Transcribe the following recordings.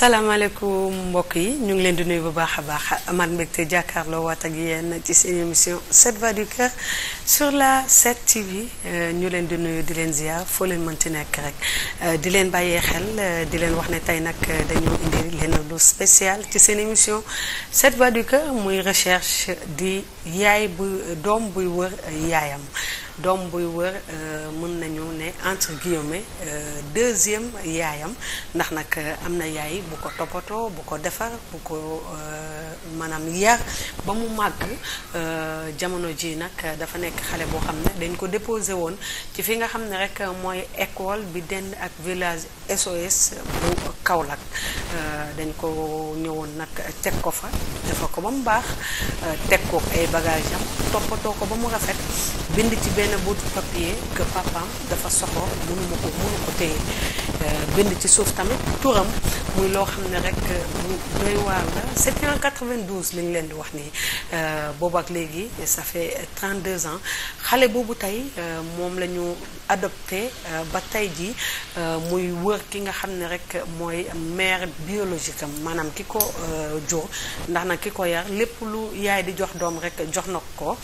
salaamaaleykum mbokk yi ñu ngi leen di nuyu bu baax a baax amaat mbégte jàkkaarloo waat ak yéen ci seen émission 7 voix du cœur sur la 7 TV ñu leen di nuyu di leen ziar foo leen mënti nekk rek di leen bàyyee xel di leen wax ne tey nag dañoo indi leen lu spécial ci seen émission 7 voix du muy recherche di yaay bu doom buy wër yaayam. doom buy wër euh, mën nañu ne entre guillemets euh, deuxième yaayam ndax nag euh, am na yaay bu ko toppatoo bu ko defar bu ko maanaam yar ba mu màgg jamono ji nag dafa nekk xale boo xam ne dañ ko déposé woon ci fi nga xam ne rek mooy école bi dend ak village SOS bu Kaolack dañ ko ñëwoon nag teg ko fa defar ko ba mu baax teg ko ay bagage toppatoo ko ba mu rafet bind ci benn nee na dafa soxor mënu euh, ci suuf tamit turam loo xam ne rek mu euh, doy waar la leen di wax nii euh, boobu ak léegi ça fait 32 ans xale boobu tey moom la ñu adopté ba tey ji muy wër ki nga xam ne rek mooy mère biologique am maanaam ki ko jur ndax na ki ko yar lépp lu yaay di jox doom rek jox na ko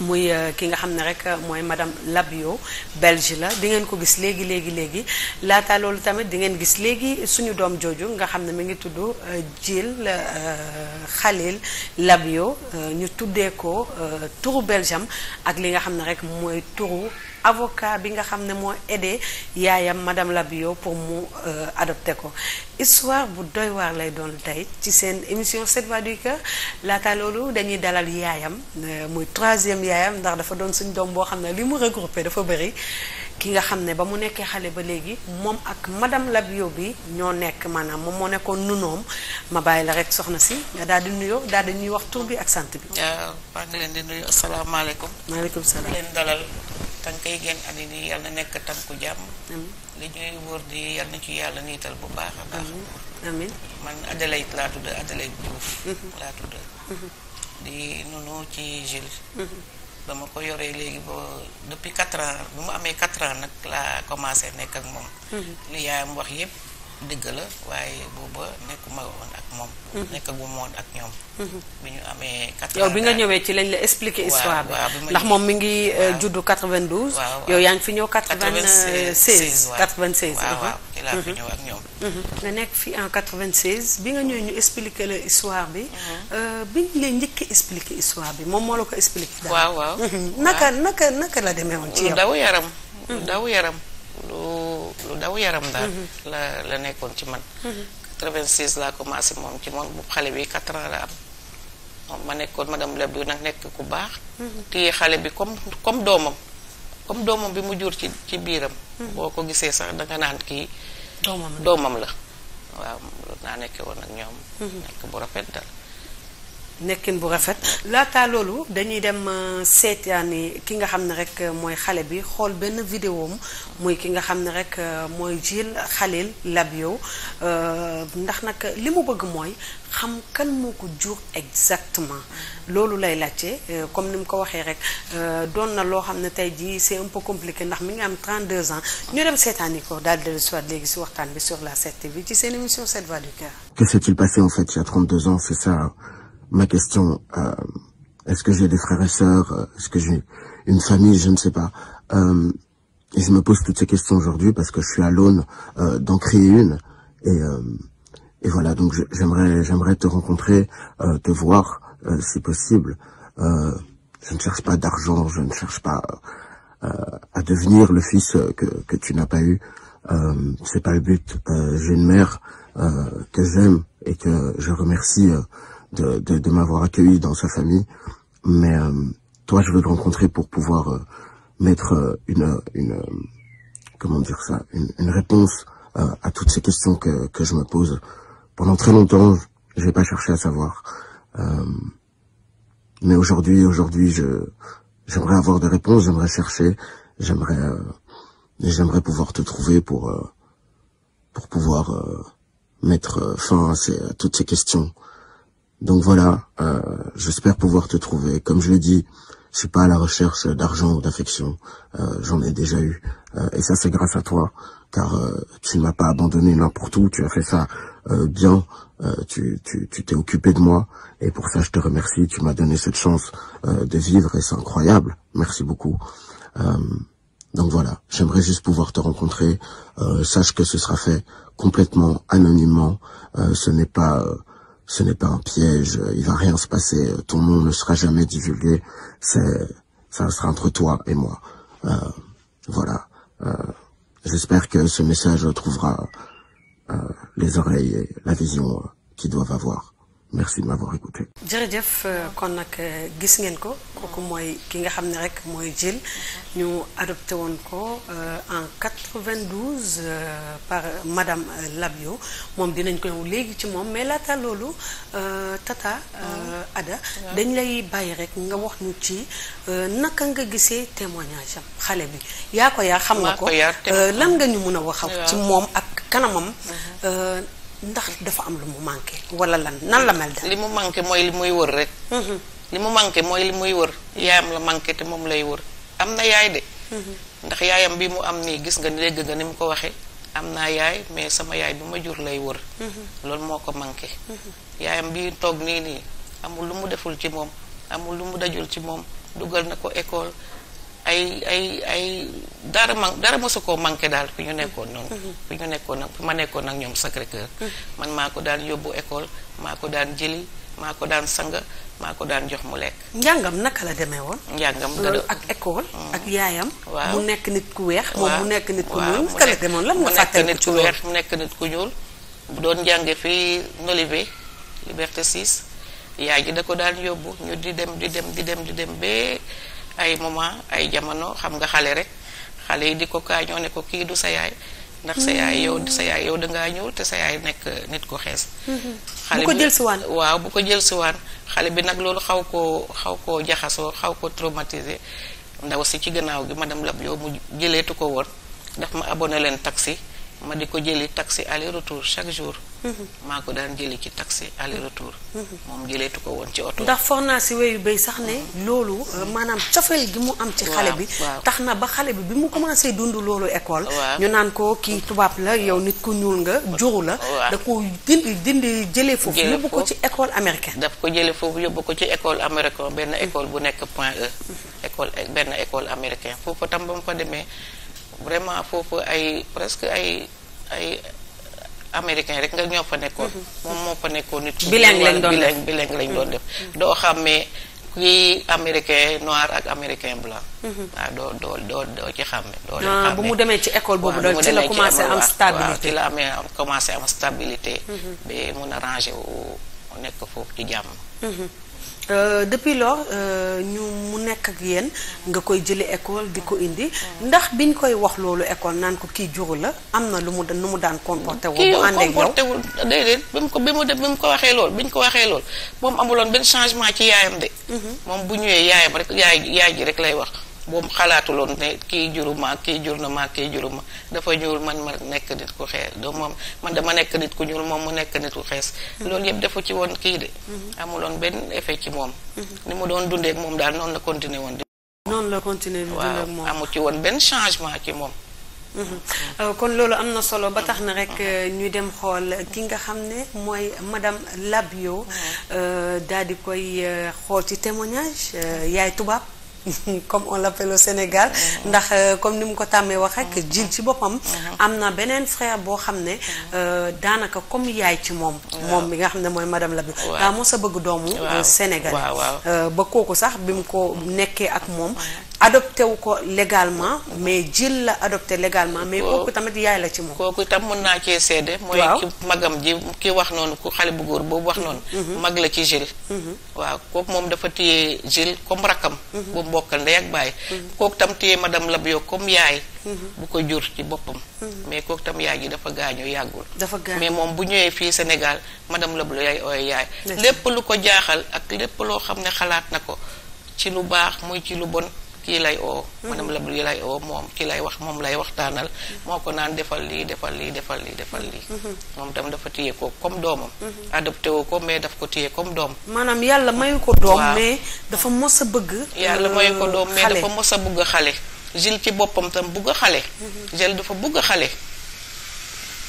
muy euh, ki nga xam ne rek euh, mooy madam Labio belge la di ngeen ko gis léegi léegi léegi laata loolu tamit di ngeen gis léegi suñu doom jooju nga xam ne mu ngi tudd euh, Jill Khalil Labio ñu tuddee ko turu belgium ak li nga xam ne rek mooy turu avocat bi nga xam ne moo aidé yaayam madame Labio pour mu euh, adopté ko histoire bu doy waar lay doon tey ci seen émission 7 voix du cœur laata loolu dañuy dalal yaayam euh, muy troisième yaayam ndax dafa doon suñ doom boo xam ne li mu regroupé dafa bëri ki nga xam ne ba mu nekkee xale ba léegi moom ak madam Labio bi ñoo nekk maanaam moom moo nekkoon nunoom ma bàyyi la rek soxna si nga daal di nuyoo daal di ñuy wax tur bi ak sant bi. waaw maa ngi leen di nuyu asalaamaaleykum. maaleykum tan koy génn ane ni yàlla na nekk tan ku jàmm li ñuy wër di yàlla na ci yàlla niital bu baax a baax man Adelaide laa tudd Adelaide Diouf mhm. laa tudd mhm. di nunu ci Gilles dama mhm. ko yore léegi ba depuis quatre ans bu mu amee quatre ans nag laa commencé nekk ak moom li yaayam wax yépp dëgg la waaye booba nekkuma woon ak moom. Mhm. nekkaguma woon ak ñoom. Mhm. bi ñu amee quatre yow bi nga ñëwee ci lañ la expliquer histoire bi ndax moom mi ngi euh, juddu 92. waaw yow yaa ngi fi ñëw 96 96 waaw waaw ci laa fi mhm. ñëw ak ñoom. nga nekk fi en 96 bi nga ñëwee ñu expliquer la histoire bi. Euh, bi ñu lay njëkk expliquer histoire bi moom moo la ko expliquer. waaw waaw naka naka naka la demee woon. ci yow yaram daw yaram. lu lu daw yaram daal mhm. la la nekkoon ci man 86 mhm. laa commencé moom ci moom bu xale bi 4 ans la moom ma nekkoon madame Labdou nag nekk ku baax mhm. téye xale bi comme comme doomam comme doomam bi mu jur ci ci biiram boo ko gisee sax danga naan kii doomam la waaw loolu naa nekkee woon ak ñoom nekk bu rafet daal nekkin bu rafet laata loolu dañuy dem euh, seetaani ki nga xam ne rek euh, mooy xale bi xool benn vidéo muy ki nga xam ne rek euh, mooy Jill Khalil Labyo ndax nag li mu bëgg mooy xam kan moo ko jur exactement loolu lay laajte comme ni mu ko waxee rek doon na loo xam ne tey jii c'est un peu compliqué ndax mi ngi am 32 ans ñu dem seetaani ko daal di soit léegi si waxtaan bi sur la 7TV ci seen émission 7 voix du cœur. que s'est-il passé en fait il y a ma question euh, est-ce que j'ai des frères et sœurs euh, est-ce que j'ai une famille je ne sais pas et euh, je me pose toutes ces questions aujourd'hui parce que je suis à l'aune d'en créer une et voilà donc j'aimerais te rencontrer te voir si possible je ne cherche pas d'argent je ne cherche pas à devenir le fils que tu n'as pas eu c'est pas le but j'ai une mère que j'aime et que je remercie de, de, de m'avoir accueilli dans sa famille. Mais euh, toi, je veux te rencontrer pour pouvoir euh, mettre euh, une, réponse à toutes ces questions que, je me pose. Pendant très longtemps, je n'ai pas cherché à savoir. mais aujourd'hui, j'aimerais avoir des réponses, j'aimerais chercher, j'aimerais pouvoir te trouver pour pouvoir mettre fin à toutes ces questions. Donc voilà, euh, j'espère pouvoir te trouver. Comme je l'ai dit, je suis pas à la recherche d'argent ou d'affection. Euh, j'en ai déjà eu. Euh, et ça, c'est grâce à toi, car euh, tu ne m'as pas abandonné n'importe où. Tu as fait ça bien. tu t'es occupé de moi. Et pour ça, je te remercie. Tu m'as donné cette chance de vivre et c'est incroyable. Merci beaucoup. donc voilà, j'aimerais juste pouvoir te rencontrer. sache que ce sera fait complètement anonymement. ce n'est pas... ce n'est pas un piège, il va rien se passer, ton nom ne sera jamais divulgué, c'est, ça sera entre toi et moi. Euh, voilà. Euh, j'espère que ce message trouvera euh, les oreilles la vision qu'ils doivent avoir. merci de euh, kon nag euh, gis ngeen ko kooku mooy ki nga xam ne rek mooy Jill ñu adopté woon ko euh, en 92 par madame Labio moom dinañ ko ñëw léegi ci moom mais laata loolu tata ah. Ada dañ lay bàyyi rek nga wax ñu ci naka nga gisee témoignage xale bi yaa ko yaa xam nga ko lan nga ñu mun a waxal ci moom ak kanamam mhm. ndax dafa am lu mu manqué wala lan nan la mel li mu manqué mooy li muy wër rek. Mhm. li mu manqué mooy li muy wër yaayam la manqué te moom lay wër am na yaay de. Mhm. ndax yaayam bi mu am nii gis nga ni dégg nga ni mu ko waxee am naa yaay mais sama yaay bi ma jur lay wër. Mhm. loolu moo ko manqué. yaayam bi toog nii nii amul lu mu deful ci moom amul lu mu dajul ci moom dugal na ko école. ay ay ay dara man dara mosu koo manqué daal fi ñu nekkoon noonu. Mm-hmm. fi ñu nekkoon nag fi ma nekkoon nag ñoom Sacré Cœur. Mm-hmm. man maa ko daan yóbbu école maa ko daan jëli maa ko daan sang maa ko daan jox mu lekk. njàngam naka la demee woon. njàngam loolu ak école. Mm. ak yaayam. waaw nekk nit ku weex. waaw mu nekk nit ku ñuul naka la demoon lan nga fàttaliku ci mu nekk nit ku weex doon njànge fi Nolivé Liberté 6 yaay ji da ko daan yóbbu ñu di dem di dem di dem di dem ba. ay moment ay jamono xam nga xale rek xale yi di ko kaañoo ne ko kii du sa yaay ndax sa yaay yow sa yaay yow dangaa ñuul te sa yaay nekk nit ko xees mm-hmm. xale bu waaw bu ko jël siwaan xale bi nag loolu xaw koo xaw koo jaxasoo xaw ko traumatisé ndaw si ci gannaaw gi ma madame yow mu jëleetu ko woon ndax ma abonné leen taxi ma di ko jëli taxi aller retour chaque jour. Mm-hmm. maa ko daan jëli ci taxi aller retour. Mm-hmm. moom jëleetu ko woon ci oto. ndax foog naa si bay sax ne. Mm-hmm. loolu euh, maanaam cofeel gi mu am. ci xale bi tax na ba xale bi bi mu commencé dund loolu école. ñu naan ko kii tubaab la yow nit ku ñuul nga jur la. da ko dindi dindi jëlee foofu. yóbbu ko ci école américaine. daf ko jëlee foofu yóbbu ko ci école américaine benn école bu nekk point E. école benn école américaine foofu tam ba mu fa demee. vraiment foofu ay presque ay ay américain rek nga ñoo fa nekkoon mhm. moom moo fa nekkoon nit bilingue lañ doon def bilingue lañ doon mhm. def doo xàmmee kuy américain noir ak américain blanc mhm. waaw doo doo doo doo ci xàmme doo leen ah, xàmme bu mu demee ci école boobu doon ci la commencé am stabilité ci amee commencé am stabilité ba mun a rangé wu nekk foofu ci jàmm Euh, depuis lors euh, ñu mu nekk ak yéen nga koy jëli école di ko indi ndax bi ñu koy wax loolu école naan ko kii juru la am na lu mu nu mu daan comporté woo bu ànd ak yow comporté wul déedéet bi mu ko bi mu def bi mu ko waxee lool bi ñu ko waxee lool moom amuloon benn changement ci yaayam de mhm. moom bu ñëwee yaayam rek yaay yaay ji rek lay wax moom xalaatuloon kii juruma kii jur na ma kii juruma dafa ñuul man ma nekk nit ku xees do moom man dama nekk nit ku ñuul moom mu nekk nit ku xees mhm. loolu yëpp defu ci woon kii de mhm. amuloon benn effet ci moom mhm. ni mu doon dundeek moom daal noonu la continuer woon noonu la continuer di dund ak moom waaw ci woon benn changement ci moom euh, kon loolu am na solo ba tax na rek euh, ñu dem xool ki nga xam ne mooy madame Labio euh, daal di koy xool ci témoignage yaay tubaab comme on l'appelle au Sénégal ndax euh, comme ni mu ko tàmmee wax rek jil ci boppam am na beneen frère boo xam ne euh, daanaka comme yaay ci moom moom bi nga xam ne mooy madame Labi daa mos a bëgg doomu euh, Sénégal ba kooku sax bi mu ko nekkee ak moom adopté wu ko légalement mais jil la adopté légalement. mais kooku tamit yaay la ci moom. kooku itam mën naa cee seede. mooy ki magam ji ki wax noonu ku xale bu góor boobu wax noonu. Mm-hmm. Mm-hmm. mag la ci jil mm-hmm. waaw kooku moom dafa téye jil comme rakam. bu ak bàyyi. kooku tam téye madame Labio comme yaay. bu ko jur ci boppam. mais kooku tam yaay ji dafa gaañoo yàggul. dafa gaañoo mais moom bu ñëwee fii Sénégal madame Labio yaay ooy yaay. lépp lu ko jaaxal ak lépp loo xam ne xalaat na ko ci lu baax muy ci lu bon. kii lay oo mm-hmm. maanaam la yi lay oo moom kii lay wax moom lay waxtaanal mm-hmm. moo ko naan defal lii defal lii defal lii defal lii mm-hmm. moom tam dafa téye ko comme doomam adopté woo ko mais daf ko téye comme doom maanaam yàlla mayu ko doom mais dafa mos a bëgg yàlla mayu ko doom mais dafa mos a bëgg xale Jules ci boppam tam bëgg xale Jules dafa bëgg xale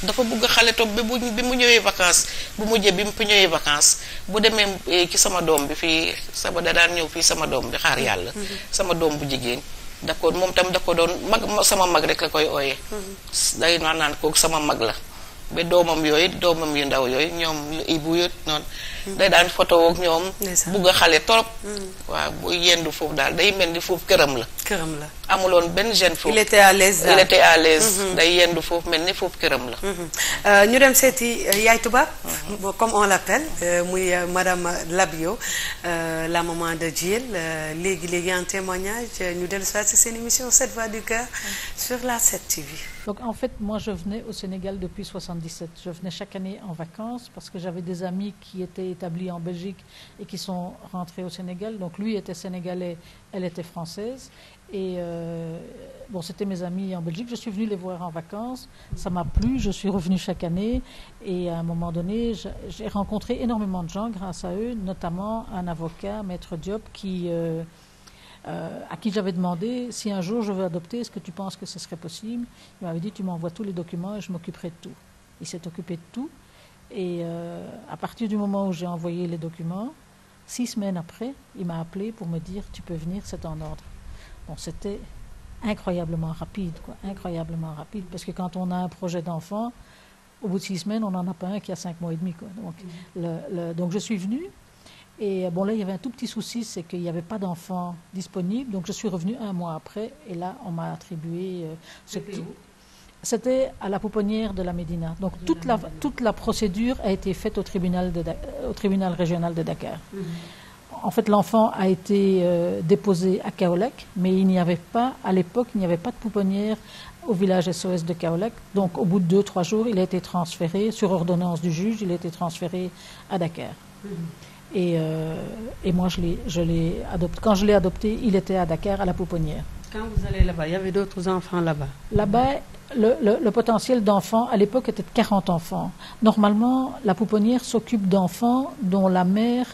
dafa bëgg xale toog bi bu bi mu ñëwee vacances bu mujjee bi mu ñëwee vacances bu demee eh, ci sama doom bi fii sama da daan ñëw fii sama doom bi xaar yàlla. Mm-hmm. sama doom bu jigéen. d' accord moom tamit daf ko doon mag sama mag rek la koy ooye mm-hmm. day naan naan kook sama mag la ba doomam yooyu doomam yu ndaw yooyu ñoom ibu yooyu noonu. day daan photo ak ñoom bugg a xale trop mm. waaw bu yendu foofu daal day mel ni foof këram la këram la amuloon benn gêne foofu il était à l'aise il était à mm-hmm. day yendu foofu mel ni foofu këram la mm-hmm. euh, ñu dem seeti euh, yaay tubaab mm-hmm. comme on l'appelle euh, madame Labio la maman de Djiel léegi léegi en témoignage ñu si seen émission 7 voix du cœur mm. sur la 7 TV donc en fait moi je venais au Sénégal depuis 77 je venais chaque année en vacances parce que j'avais des amis qui étaient établis en Belgique et qui sont rentrés au Sénégal. Donc lui était sénégalais, elle était française. Et euh, bon, c'était mes amis en Belgique. Je suis venue les voir en vacances. Ça m'a plu. Je suis revenue chaque année. Et à un moment donné, j'ai rencontré énormément de gens grâce à eux, notamment un avocat, Maître Diop, qui, euh, euh, à qui j'avais demandé si un jour je veux adopter, est-ce que tu penses que ce serait possible Il m'avait dit Tu m'envoies tous les documents et je m'occuperai de tout. Il s'est occupé de tout. Et euh, à partir du moment où j'ai envoyé les documents, six semaines après, il m'a appelé pour me dire Tu peux venir, c'est en ordre. Bon, c'était incroyablement rapide, parce que quand on a un projet d'enfant, au bout de six semaines, on n'en a pas un qui a cinq mois et demi. Mm-hmm. Donc, je suis venue, et là, y avait un tout petit souci, c'est qu'il n'y avait pas d'enfant disponible, je suis revenue un mois après, et là, on m'a attribué euh, C'était à la pouponnière de la Médina. de toute la, la toute la procédure a été faite au tribunal, de, au tribunal régional de Dakar. Mm-hmm. En fait, l'enfant a été euh, déposé à Kaolek, mais il n'y avait pas, à l'époque, il n'y de pouponnière au village SOS de Kaolek. Donc au bout de deux, trois jours, il a été transféré, sur ordonnance du juge, il a été transféré à Dakar. Mm-hmm. et, euh, à Dakar, à la pouponnière. Quand vous allez là il y avait d'autres enfants Là-bas, le, le, le potentiel d'enfants, à l'époque, était de 40 enfants. Normalement, la pouponnière s'occupe d'enfants dont la mère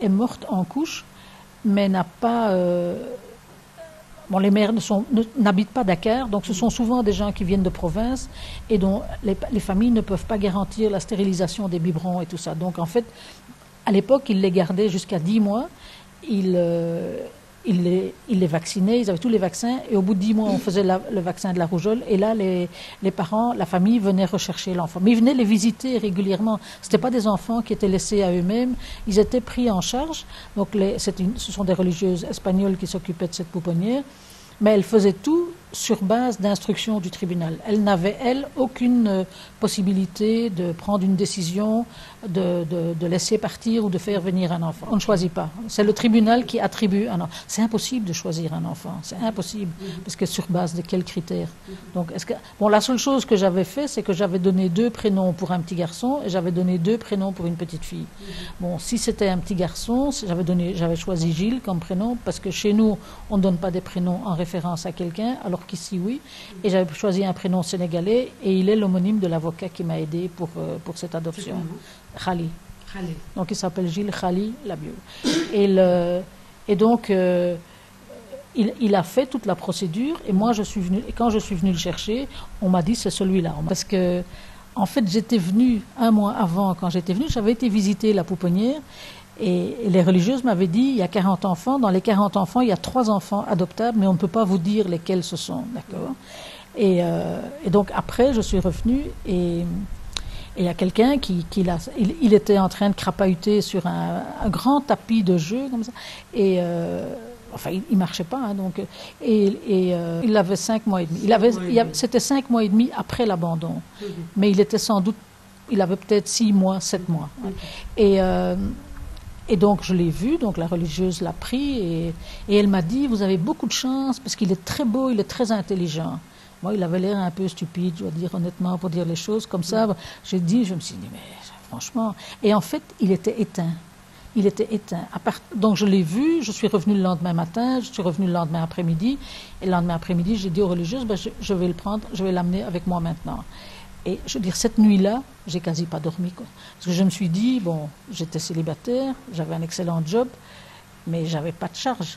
est morte en couche, mais n'a pas... Euh, Bon, les maires n'habitent Dakar, ce sont souvent des gens qui viennent de province et dont les, les, familles ne peuvent pas garantir la stérilisation des biberons et tout en fait, à l'époque, ils les gardaient jusqu'à 10 mois. Euh, ils les, ils les vaccinaient, tous les vaccins. Et au bout de dix mois, on faisait le vaccin de la rougeole. Et là, les, parents, la famille venaient rechercher l'enfant. Mais ils venaient les visiter régulièrement. Ce n'étaient pas des enfants qui étaient laissés à eux-mêmes. Ils étaient pris en charge. ce sont des religieuses espagnoles qui s'occupaient de cette pouponnière. Mais elles faisaient tout sur base d'instructions du tribunal. Elles n'avaient, aucune euh, possibilité de prendre une décision de, de, laisser partir ou de faire venir un enfant. On ne choisit pas. C'est le tribunal qui attribue un enfant. C'est impossible Parce que sur base de quels critères que... la seule chose que j'avais donné deux prénoms pour un petit garçon et j'avais donné deux prénoms pour une petite fille. si c'était un petit garçon, j'avais choisi Gilles comme prénom parce que chez nous, on ne donne pas des prénoms en référence à quelqu'un, alors qu'ici, prénom et il est de l'avocat Khali. Khali. Donc il s'appelle Gilles Khali Labiou. le, et euh, il, a fait toute la procédure et moi, quand je suis venue le chercher, on m'a dit c'est celui-là. Parce que, en fait, j'étais venue un mois avant, quand j'étais venue, j'avais été visiter la pouponnière et, les religieuses m'avaient dit il y a enfants, dans les enfants, il y a trois enfants adoptables, mais on ne peut pas vous dire lesquels ce sont. D'accord euh, après, je suis revenue Et il y a quelqu'un qui, qui l'a, il, il, était en train de crapahuter sur un, un grand tapis de jeu comme ça. Et euh, enfin, il, ne marchait pas. Hein, donc, euh, et, et euh, il avait cinq mois et demi. Il avait, c'était cinq mois et demi après l'abandon. Mm-hmm. Mais il était sans doute, il avait peut-être six mois, sept mois. Mm-hmm. Hein. Et euh, et donc je l'ai vu, donc la religieuse l'a pris et, et elle m'a dit, vous avez beaucoup de chance parce qu'il est très beau, il est très intelligent. Moi, il avait l'air un peu stupide, je dois dire honnêtement, pour dire les choses comme ça. Ouais. J'ai dit, je me suis dit, mais franchement. Et en fait, il était éteint. Il était éteint. À part... Donc je l'ai vu, je suis revenu le lendemain matin, je suis revenu le lendemain après-midi. Et le lendemain après-midi, j'ai dit aux religieuses, ben, je, je, vais le prendre, je vais l'amener avec moi maintenant. Et je veux dire, cette nuit-là, j'ai quasi pas dormi. Quoi. Parce que je me suis dit, bon, j'étais célibataire, j'avais un excellent job, mais j'avais pas de charge.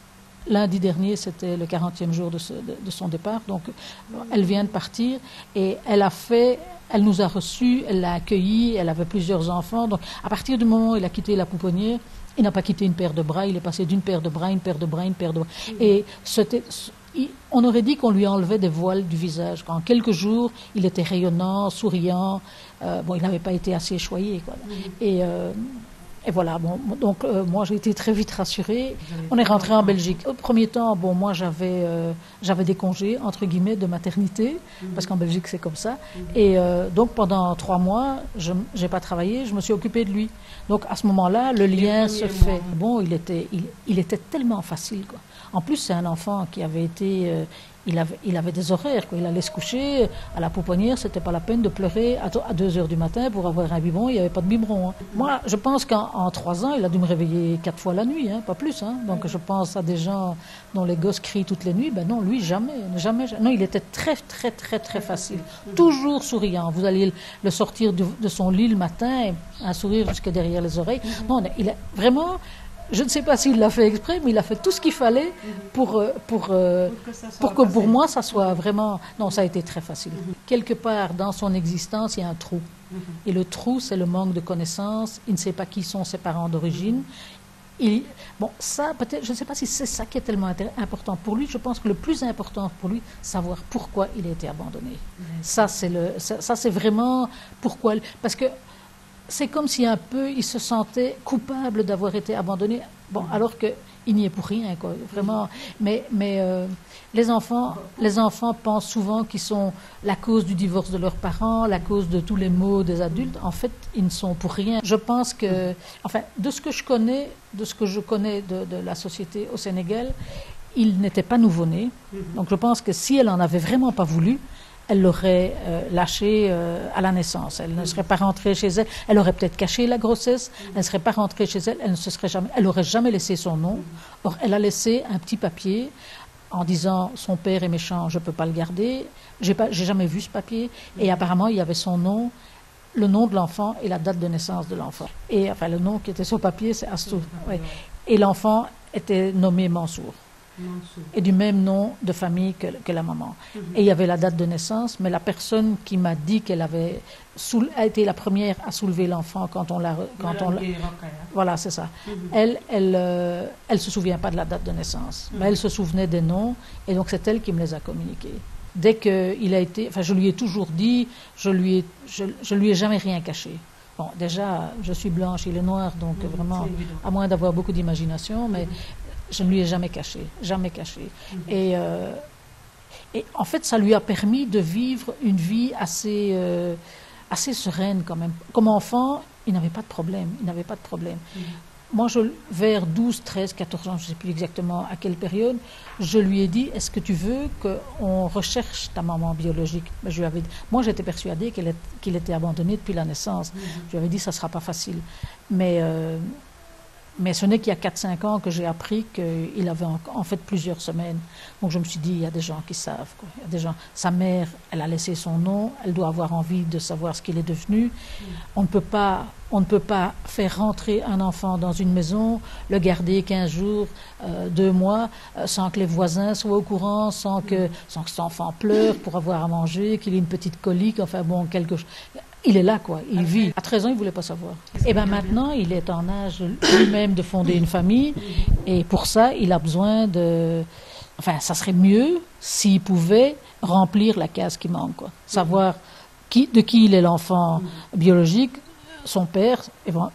Lundi dernier, c'était le 40e jour de, ce, de, de, son départ. Donc, elle vient de partir et elle a fait, elle nous a reçus, elle l'a accueillie, elle avait plusieurs enfants. Donc, à partir du moment où il a quitté la pouponnière, il n'a pas quitté une paire de bras, il est passé d'une paire de bras, une paire de bras, Et on aurait dit qu'on lui enlevait des voiles du visage. En quelques jours, il était rayonnant, souriant. Euh, il n'avait pas été assez choyé. Et. Euh, Et voilà, bon, donc euh, moi j'ai été très vite rassurée. On est rentré en Belgique. Au premier temps, euh, j'avais des congés, de maternité, mhm. parce qu'en Belgique c'est comme ça. Mhm. Et euh, donc pendant trois mois, je n'ai pas travaillé, je me suis occupée de lui. Donc à ce moment-là, le lien se fait. il était, tellement facile, En plus, c'est un enfant qui avait été. Euh, il, avait, il avait, des horaires, quoi. il allait se coucher euh, à la pouponnière, c'était pas la peine de pleurer à, à 2 heures du matin pour avoir un biberon, il n'y avait pas de biberon. Hein. Moi, je pense qu'en 3 ans, il a dû me réveiller 4 fois la nuit, hein, pas plus. Hein. Donc je pense à des gens dont les gosses crient toutes les nuits, ben non, lui, jamais, jamais, jamais. Non, il était très, très, très, très facile, toujours souriant. Vous allez le sortir de, de son lit le matin, un sourire jusque derrière les oreilles. Non, il a, vraiment, je ne sais pas s'il l'a fait exprès, mais il a fait tout ce qu'il fallait pour, euh, pour, pour que, ça pour, que pour, moi, ça soit vraiment... Non, ça a été très facile. Mm -hmm. Quelque part dans son existence, il y a un trou. Mm -hmm. Et le trou, c'est le manque de connaissances. Il ne sait pas qui sont ses parents d'origine. Mm -hmm. Il... Bon, ça, peut-être, je ne sais pas si c'est ça qui est tellement important pour lui. Je pense que le plus important pour lui, savoir pourquoi il a été abandonné. Ça, c'est le, ça, ça c'est vraiment pourquoi. Parce que c'est comme si un peu ils se sentaient coupables d'avoir été abandonnés. Bon, mm. alors que il n'y est pour rien, mm. Mais, mais euh, les, enfants, les enfants pensent souvent qu'ils sont la cause du divorce de leurs parents, la cause de tous les maux des adultes. En fait, ils ne sont pour rien. Je pense que, mm. enfin, de ce que je connais, de de, de la société au Sénégal, il n'était pas nouveau-né. Mm-hmm. Donc je pense que si elle en avait vraiment pas voulu, elle l'aurait euh, lâché euh, la ne serait pas rentrée chez elle. Elle aurait peut-être caché la grossesse. Elle ne serait pas rentrée chez elle. Elle aurait jamais laissé son nom. Or, elle a laissé un petit papier en disant son père est méchant, je ne peux pas le garder. J'ai jamais vu ce papier. Et apparemment, il y avait son nom, le nom de l'enfant et la date de naissance de l'enfant. Et le nom qui était sur le papier, c'est Astou. Ouais. Et l'enfant était nommé Mansour. et du même nom de famille que, que la maman. Mhm. Et il y avait la date de naissance, mais la personne qui m'a dit qu'elle a été la première à soulever l'enfant quand on l'a voilà c'est ça. Mhm. Elle euh, elle se souvient pas de la date de naissance, mais mhm. elle se souvenait des noms et donc c'est elle qui me les a communiqués. je lui lui ai jamais rien caché. déjà, je suis blanche, il est noir, donc vraiment, à moins d'avoir beaucoup d'imagination, mais, je ne lui ai jamais caché, jamais caché. Mmh. Et, euh, et, en fait, ça lui a permis de vivre une vie assez, euh, assez sereine quand même. Comme enfant, il n'avait pas de problème, il n'avait pas de problème. Mmh. Moi, je, vers 12, 13, 14 ans, je ne sais plus exactement à quelle période, je lui ai dit, est-ce que tu veux qu'on recherche ta maman biologique ben, je lui avais dit, Moi, j'étais persuadée qu'il qu était abandonné depuis la naissance. Mmh. Je lui avais dit, ça ne sera pas facile. Mais... Euh, Mais ce n'est qu'il y a 4-5 ans que j'ai appris qu'il avait en, en, fait plusieurs semaines. Donc je me suis dit, il y a des gens qui savent. Sa mère, a laissé son nom, elle doit avoir envie de savoir ce qu'il est devenu. Mm. On, ne peut pas, on ne peut pas faire rentrer un enfant dans une maison, le garder quinze jours, euh, mois, euh, sans que les voisins soient au courant, sans que, mm. sans que cet pour avoir à manger, qu'il ait une petite colique, enfin quelque chose il est là, quoi. Il ah vit. À 13 ans, il ne voulait pas savoir. Et eh bien maintenant, il est en âge lui-même de fonder une famille. Et pour ça, il a besoin de. Enfin, ça serait mieux s'il pouvait remplir la case qui manque, quoi. Savoir qui, de qui il est l'enfant mm. biologique, son père,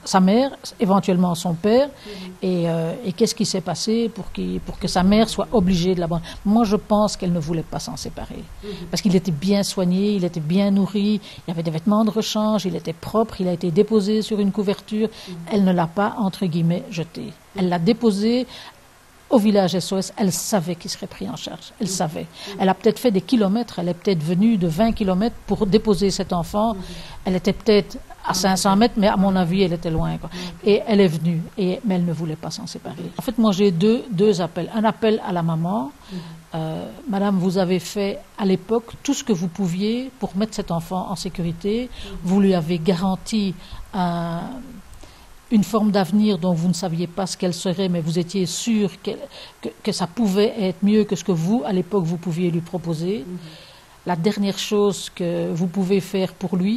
sa mère, éventuellement son père, mm-hmm. et, euh, et qu'est-ce qui s'est passé pour, qu pour que sa mère soit obligée de l'abandonner. Moi, je pense qu'elle ne voulait pas s'en séparer, mm-hmm. parce qu'il était bien soigné, il était bien nourri, il y avait des vêtements de rechange, il était propre, il a été déposé sur une couverture, mm-hmm. elle ne l'a pas, entre guillemets, jeté. Elle savait qu'il serait pris en charge. Elle a peut-être fait des kilomètres, elle est peut-être venue de 20 kilomètres pour déposer cet enfant. à 500 mètres, mais à mon avis, elle était loin. Quoi. Mm. Et elle est venue, et, mais elle ne voulait pas s'en séparer. En fait, moi, j'ai deux, deux appels. Un appel à la maman. Mm. Euh, Madame, vous avez fait à l'époque tout ce que vous pouviez pour mettre cet enfant en sécurité. Mm. Vous lui avez garanti un une forme d'avenir dont vous ne saviez pas ce qu'elle serait, mais vous étiez sûr qu que, que, ça pouvait être mieux que ce que vous, à l'époque, vous pouviez lui proposer. Mm -hmm. La dernière chose que vous pouvez faire pour lui,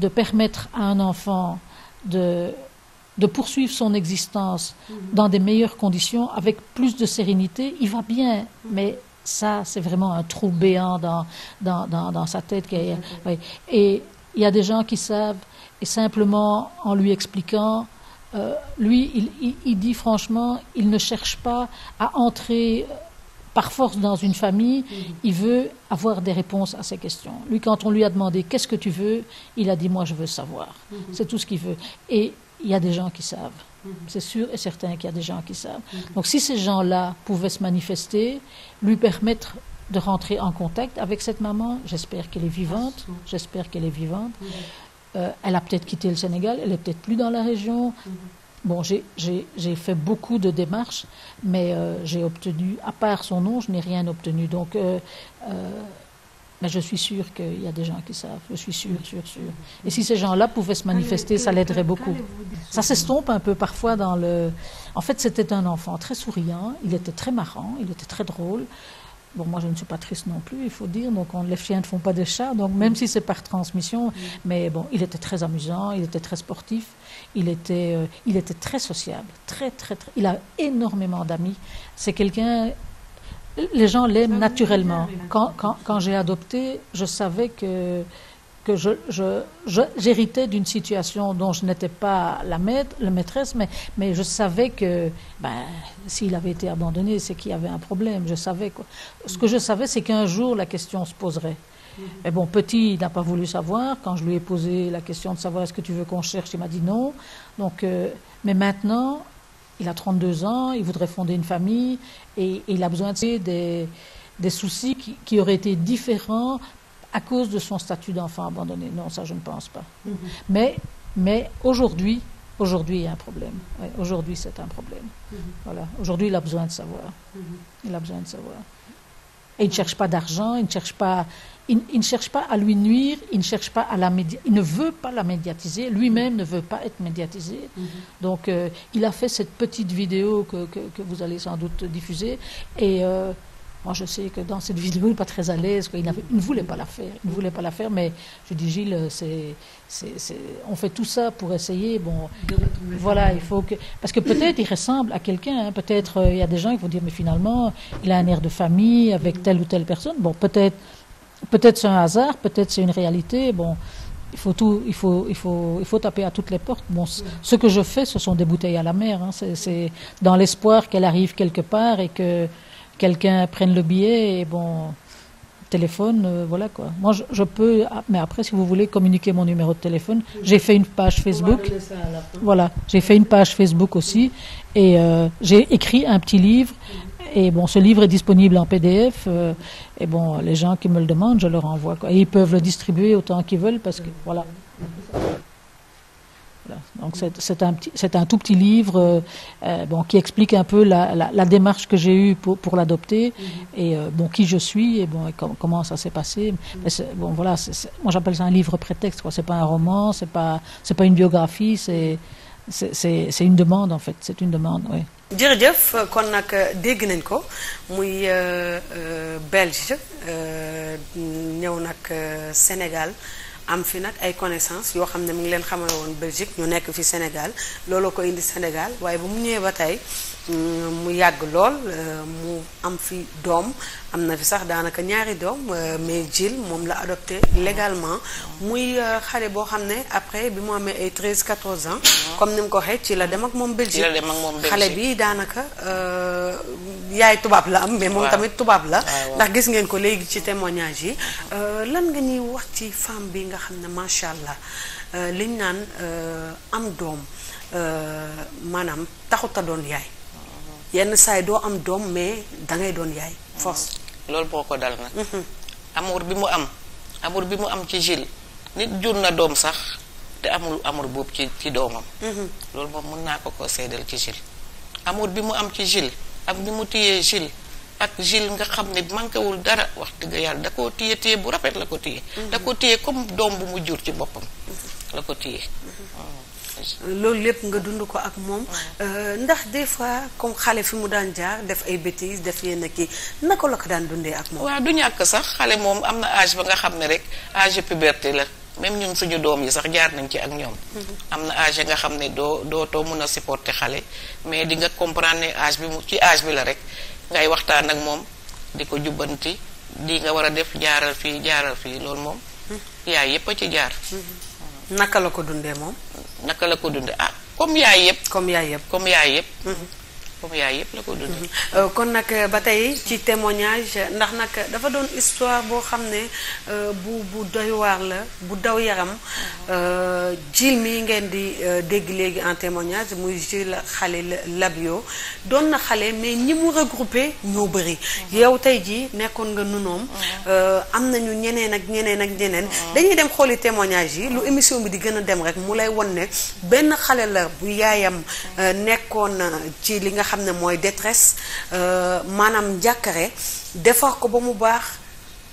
de permettre à un enfant de, de poursuivre son existence mmh. dans des meilleures conditions, avec plus de sérénité, il va bien. Mhm. Mais ça, c'est vraiment un trou béant dans, dans, dans, dans sa tête. Qui, oui. Et il y a des gens qui savent, et simplement en lui expliquant, euh, lui, il, il, il, dit franchement, il ne cherche pas à entrer par force dans une famille, il veut avoir des réponses à ces questions. Lui, quand on lui a demandé qu'est-ce que tu veux, il a dit moi je veux savoir. Mm -hmm. C'est tout ce qu'il veut. Et il y a des gens qui savent. Mm -hmm. C'est sûr et certain qu'il y a des gens qui savent. Mm -hmm. Donc si ces gens-là pouvaient se manifester, lui permettre de rentrer en contact avec cette maman, j'espère qu'elle est vivante, j'espère qu'elle est vivante. Mhm. Euh, elle a peut-être quitté le Sénégal, elle est peut-être plus dans la région. Mhm. Bon, j'ai fait beaucoup de démarches, mais euh, j'ai obtenu, à part son nom, je n'ai rien obtenu. Donc, euh, euh, mais je suis sûre qu'il y a des gens qui savent. Je suis sûre, sûre, sûre. Et si ces gens-là pouvaient se manifester, ça l'aiderait beaucoup. Ça s'estompe un peu parfois dans le. En fait, c'était un enfant très souriant. Il était très marrant. Il était très drôle. Bon, moi, je ne suis pas triste non plus, il faut dire. Donc, on, les chiens ne font pas des chats. Donc, même si c'est par transmission, mm. mais bon, il était très amusant, il était très sportif, il était, euh, il était très sociable, très, très, très. Il a énormément d'amis. C'est quelqu'un. Les gens l'aiment naturellement. Quand, quand, quand j'ai adopté, je savais que que j'héritais d'une situation dont je n'étais pas la, maître, la maîtresse, mais, mais, je savais que s'il avait été abandonné, c'est qu'il y avait un problème. Ce que je savais, c'est qu'un jour la question se poserait. Mm-hmm. petit n'a pas voulu savoir. Quand je lui ai posé la question de savoir est-ce que tu veux qu'on cherche, il m'a dit non. Euh, mais maintenant, il a 32 ans, il voudrait fonder une famille et, et il a besoin des, soucis qui auraient été différents à cause de ne pense pas. Mm il y a un problème. Oui, mhm. aujourd'hui, il ne mhm. cherche pas d'argent, il ne il, ne cherche pas à lui nuire, il ne cherche pas à la il ne veut pas la médiatiser, lui-même ne veut pas être médiatisé. Mhm. Euh, il a fait cette petite vidéo que, vous allez sans doute diffuser et euh, Moi, je sais que dans cette vidéo, il n'est pas très à l'aise. Il, ne voulait pas la faire. mais je dis, Gilles, on fait tout ça pour essayer. Parce que peut-être il ressemble à quelqu'un. Peut-être euh, il y a des gens qui vont dire, mais finalement, il a un air de famille avec telle ou telle personne. peut-être, peut-être c'est un hasard, peut-être c'est une réalité. il faut tout, taper à toutes les portes. ce que je fais, ce sont des bouteilles à la mer. C'est dans l'espoir qu'elle arrive quelqu'un prenne le billet et bon, téléphone, euh, voilà quoi. Moi, je, je, peux, ah, mais après, si vous voulez communiquer mon numéro de téléphone, j'ai fait une page Facebook. Voilà, j'ai fait une page Facebook aussi, et euh, j'ai écrit un petit livre. Et bon, ce livre est disponible en PDF. Euh, et bon, les gens qui me le demandent, je leur envoie. Quoi. Et ils peuvent le distribuer autant qu'ils veulent parce que voilà. Voilà. Donc c'est un, un, tout petit livre euh, euh, bon, qui explique un peu la, la, la démarche que j'ai eue pour, pour l'adopter mmh. et euh, bon, qui je suis et, bon, et com comment ça s'est passé. Mmh. Mais bon, voilà, c est, c est, moi j'appelle ça un livre prétexte. Ce pas un roman, ce pas, une biographie, c'est une demande en fait. C'est une demande, oui. jërëjëf kon nag dégg nañ ko muy euh, belge ñëw nag am fi nag ay connaissances yoo xam ne mu ngi leen xamale woon Belgique ñu nekk fi Sénégal looloo ko indi Sénégal waaye bu mu ñëwee ba tey Euh, mu yàgg lool euh, mu am fi doom am na fi sax daanaka ñaari doom euh, mais Jill moom la adopté légalement muy xale boo xam ne après bi mu amee ay 13 14 ans. comme ni mu ko waxee ci la dem ak moom Belgique. xale bi daanaka yaay tubaab la am. mais moom tamit tubaab la. ndax gis ngeen ko léegi ci témoignage yi. lan nga ñuy wax ci femme bi nga xam ne macha allah liñ naan am doom maanaam taxut a doon yaay. yenn saay doo am doom mais dangay doon yaay force loolu boo ko dal nag mhm. amour bi mu am amour bi mu am ci Gilles nit jur na doom sax te amul amul boobu ci ci doomam mhm. loolu moom mun naa ko ko seddal ci Gilles amour bi mu am ci Gilles ak ni mu téyee Gilles ak Gilles nga xam ne manquéwul dara wax dëgg yàlla da koo téye téye bu rafet la ko téye mhm. da ko téye comme doom bu mu jur ci boppam la ko téye loolu lépp nga dund ko ak moom euh, ndax des fois comme xale fi mu daan jaar def ay bêtises def yenn kii naka la ko daan dundee ak moom waaw du ñàkk sax xale moom am na âge ba nga xam ne rek âge la même ñun suñu doom yi sax jaar nañ ci ak ñoom mm-hmm. am na âge nga xam ne doo too mun a supporter xale mais di nga comprendre ne bi mu ci âge bi la rek ngay waxtaan ak moom di ko jubbanti di nga war a def jaaral fii jaaral fii loolu moom mm-hmm. yaay yépp a ci jaar mm-hmm. naka la ko dundee moom. naka la ko dundee ah comme yaay yëpp. comme yaay yëpp comme yaay yëpp. Mm-hmm. comme yaay yëpp la ko dund. Mhm. Euh, kon nag euh, ba tey ci témoignage ndax nag dafa doon histoire boo xam ne euh, bu bu doy la bu daw yaram mhm. jil mi ngeen di dégg léegi en témoignage muy jil xale lab Labio doon na xale mais ñi mu regroupé ñoo bëri. Mhm. yow tey jii nekkoon nga nunoom. am nañu ñeneen ak ñeneen ak ñeneen. dañuy dem xooli témoignage yi lu émission bi di gën a dem rek mu lay won nekk benn xale la bu yaayam nekkoon ci li nga. xam ne mooy détresse euh, maanaam njàkkare defar ko ba mu baax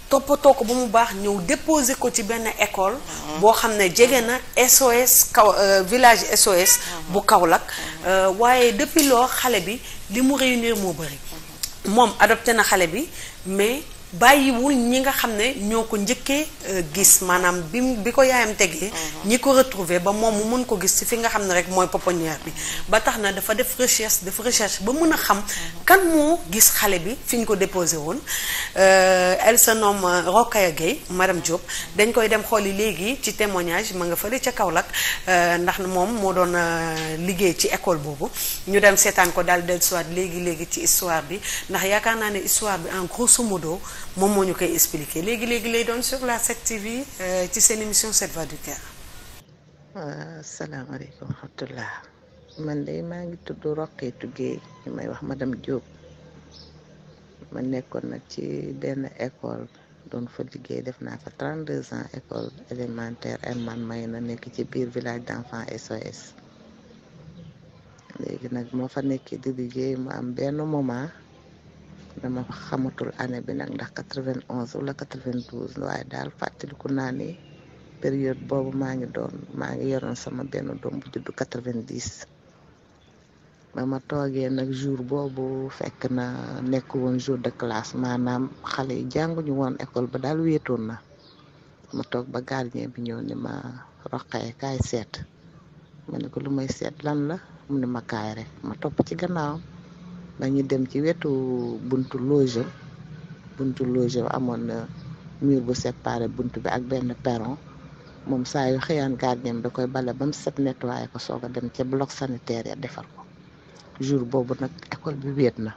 toppatoo ko ba mu baax ñëw déposer ko ci benn école. Mhm. boo xam ne jege na SOS kaw euh, village SOS. Mhm. bu Kaolack euh, waaye depuis loo xale bi li mu réunir moo bëri. Mhm. moom adopté na xale bi mais. bàyyiwul ñi nga xam ne ñoo ko njëkkee euh, gis maanaam bi bi ko yaayam tegee mhm. ñi ko retrouver ba moom mu mën ko gis ci fi nga xam ne rek mooy pouponnière bi ba tax na dafa def recherche def recherche ba mën a xam mhm. kan moo gis xale bi fi ñu ko déposé woon euh, elle se nomme euh, Rokhaya Gaye madame Diop dañ koy dem xooli léegi ci témoignage ma nga fële ca Kaolack ndax moom moo doon liggéey ci école boobu ñu dem seetaan ko daal soit léegi léegi ci histoire bi ndax yaakaar naa ne histoire bi en grosso moom moo ñu koy expliquer léegi léegi lay doon sur la 7 TV euh, ci seen émission 7 voix du cœur. asalaamaaleykum wa rahmatulah man de maa ngi tudd Roqeetu Guèye may wax ma dem Diop ma nekkoon nag ci benn école doon fa liggéey def naa fa 32 ans école élémentaire Herman Mayina nekk ci biir village d'enfants SOS léegi nag moo fa nekkee di liggéey mu am benn moment. dama xamatul année bi nag ndax quatre vingt onze wala quatre vingt waaye daal fàttaliku naa ni période boobu maa ngi doon maa ngi yoroon sama benn doom bu juddu quatre vingt dix ba ma toogee nag jour boobu fekk na nekk woon jour de classe maanaam xale yi jànguñu woon école ba daal wéetoon na ma toog ba gardien bi ñëw ni ma roqee kaay seet ma ne ko lu may seet lan la mu ne ma kaay rek ma topp ci gannaaw ñu dem ci wetu buntu loge buntu loge amoon na mur bu séparé bunt bi ak benn perron moom saa yu xëyaan gardien da koy bale ba mu set nettoyé ko soog a dem ca bloc sanitaire ya defar ko jour boobu nag école bi wéet na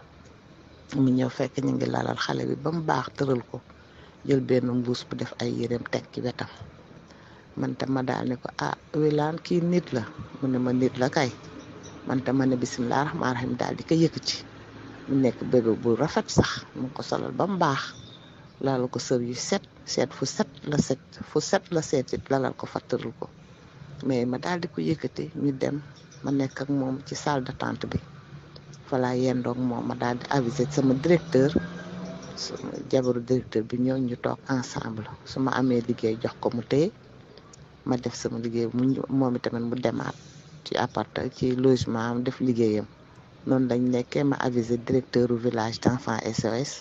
mu ñëw fekk ñu ngi lalal xale bi ba mu baax tëral ko jël benn mbuus bu def ay yéreem teg ci wetam man tam ma daal ne ko ah wilaan kii nit la mu ne ma nit la kay man tam ma ne bisimilah rahmaani rahiim daal di ko yëkk ci mu nekk bégo bu rafet sax mu ko solal ba mu baax laalal ko sër yu set seet fu set la set fu set la seetit lalal ko fattaral ko mais ma daal di ko yëkkati ñu dem ma nekk ak moom ci salle d'attente bi voilà yendoog moom ma daal di aviser sama directeur sama jabaru directeur bi ñoo ñu toog ensemble su ma amee liggéey jox ko mu téye ma def sama liggéey mu moom itamit mu demaat ci appart ci logement am def liggéeyam noonu lañ nekkee ma avisé directeur village d'enfants SOS